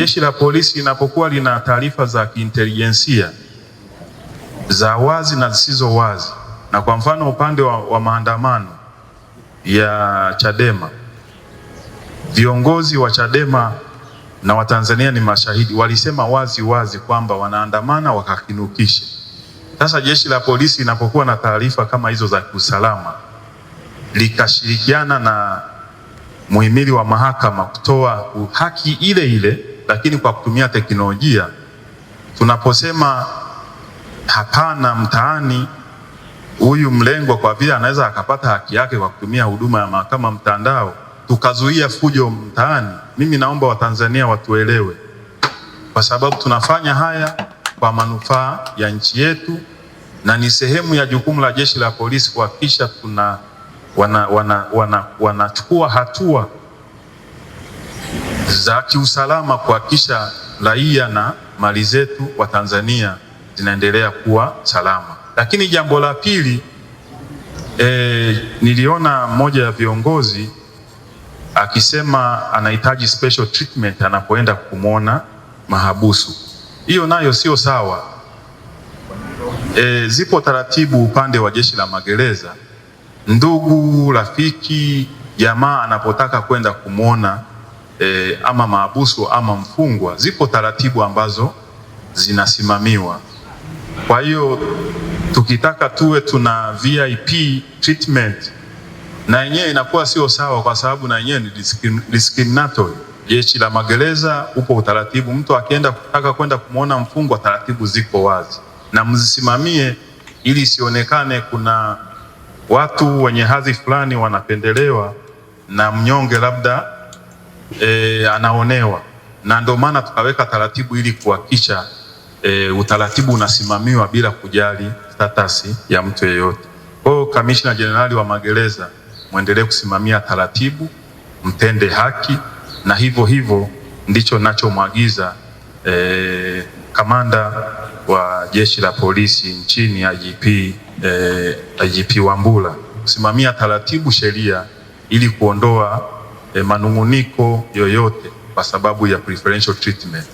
Jeshi la polisi linapokuwa lina taarifa za kiintelijensia za wazi na zisizo wazi, na kwa mfano upande wa, wa maandamano ya Chadema, viongozi wa Chadema na Watanzania ni mashahidi, walisema wazi wazi kwamba wanaandamana wakakinukisha. Sasa jeshi la polisi linapokuwa na taarifa kama hizo za kiusalama, likashirikiana na muhimili wa mahakama kutoa haki ile ile lakini kwa kutumia teknolojia. Tunaposema hapana mtaani, huyu mlengwa kwa vile anaweza akapata haki yake kwa kutumia huduma ya mahakama mtandao, tukazuia fujo mtaani. Mimi naomba Watanzania watuelewe, kwa sababu tunafanya haya kwa manufaa ya nchi yetu na ni sehemu ya jukumu la Jeshi la Polisi kuhakikisha tuna wanachukua wana, wana, wana hatua za kiusalama kuhakikisha raia na mali zetu wa Tanzania zinaendelea kuwa salama. Lakini jambo la pili e, niliona mmoja ya viongozi akisema anahitaji special treatment anapoenda kumwona mahabusu. Hiyo nayo sio sawa. E, zipo taratibu upande wa jeshi la magereza, ndugu, rafiki, jamaa anapotaka kwenda kumwona e, ama maabuso ama mfungwa, zipo taratibu ambazo zinasimamiwa. Kwa hiyo tukitaka tuwe tuna VIP treatment na yenyewe inakuwa sio sawa, kwa sababu na yenyewe ni discriminatory. Jeshi la magereza upo utaratibu, mtu akienda kutaka kwenda kumwona mfungwa, taratibu ziko wazi na mzisimamie, ili isionekane kuna watu wenye hadhi fulani wanapendelewa na mnyonge labda e, anaonewa, na ndio maana tukaweka taratibu ili kuhakikisha e, utaratibu unasimamiwa bila kujali status ya mtu yeyote. Kwa hiyo kamishna jenerali wa magereza, mwendelee kusimamia taratibu, mtende haki, na hivyo hivyo ndicho nachomwagiza e, kamanda wa jeshi la polisi nchini IGP, eh, IGP Wambura kusimamia taratibu sheria ili kuondoa Eh, manunguniko yoyote kwa sababu ya preferential treatment.